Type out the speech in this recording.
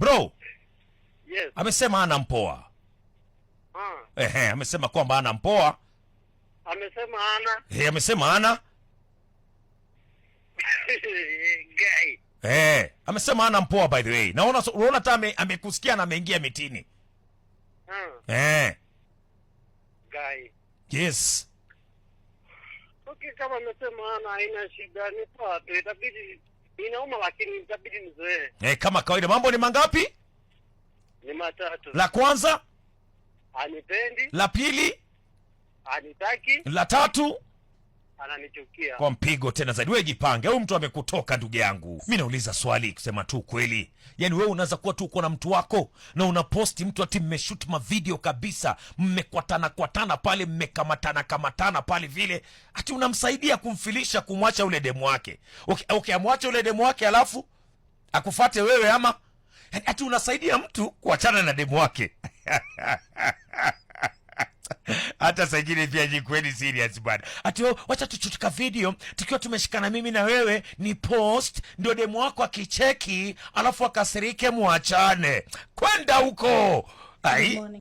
Bro. Yes. Amesema ana mpoa. Ah. Ehe, amesema kwamba ana mpoa. Amesema ana. Eh, amesema ana. Guy. Eh, amesema ana mpoa by the way. Naona unaona hata amekusikia na ameingia mitini. Ah. Eh. Guy. Yes. Okay, kama amesema ana haina shida ni poa, itabidi Inauma lakini itabidi nizoee. Eh, kama kawaida. Mambo ni mangapi? Ni matatu. La kwanza? anipendi La pili? anitaki La tatu? ananichukia kwa mpigo tena zaidi. Wewe jipange, au mtu amekutoka ndugu yangu. Mi nauliza swali, kusema tu kweli, yani wewe unaweza kuwa tu uko na mtu wako na unaposti mtu ati mmeshoot mavideo kabisa, mmekwatana kwatana pale, mmekamatana kamatana pale vile, ati unamsaidia kumfilisha, kumwacha ule demu wake. Okay, okay, amwache ule demu wake alafu akufate wewe, ama yaani ati unasaidia mtu kuachana na demu wake hata saa pia ni kweli serious bwana, ati oh, wacha tuchutika video tukiwa tumeshikana mimi na wewe, ni post ndio demu wako akicheki alafu akasirike, mwachane kwenda huko ai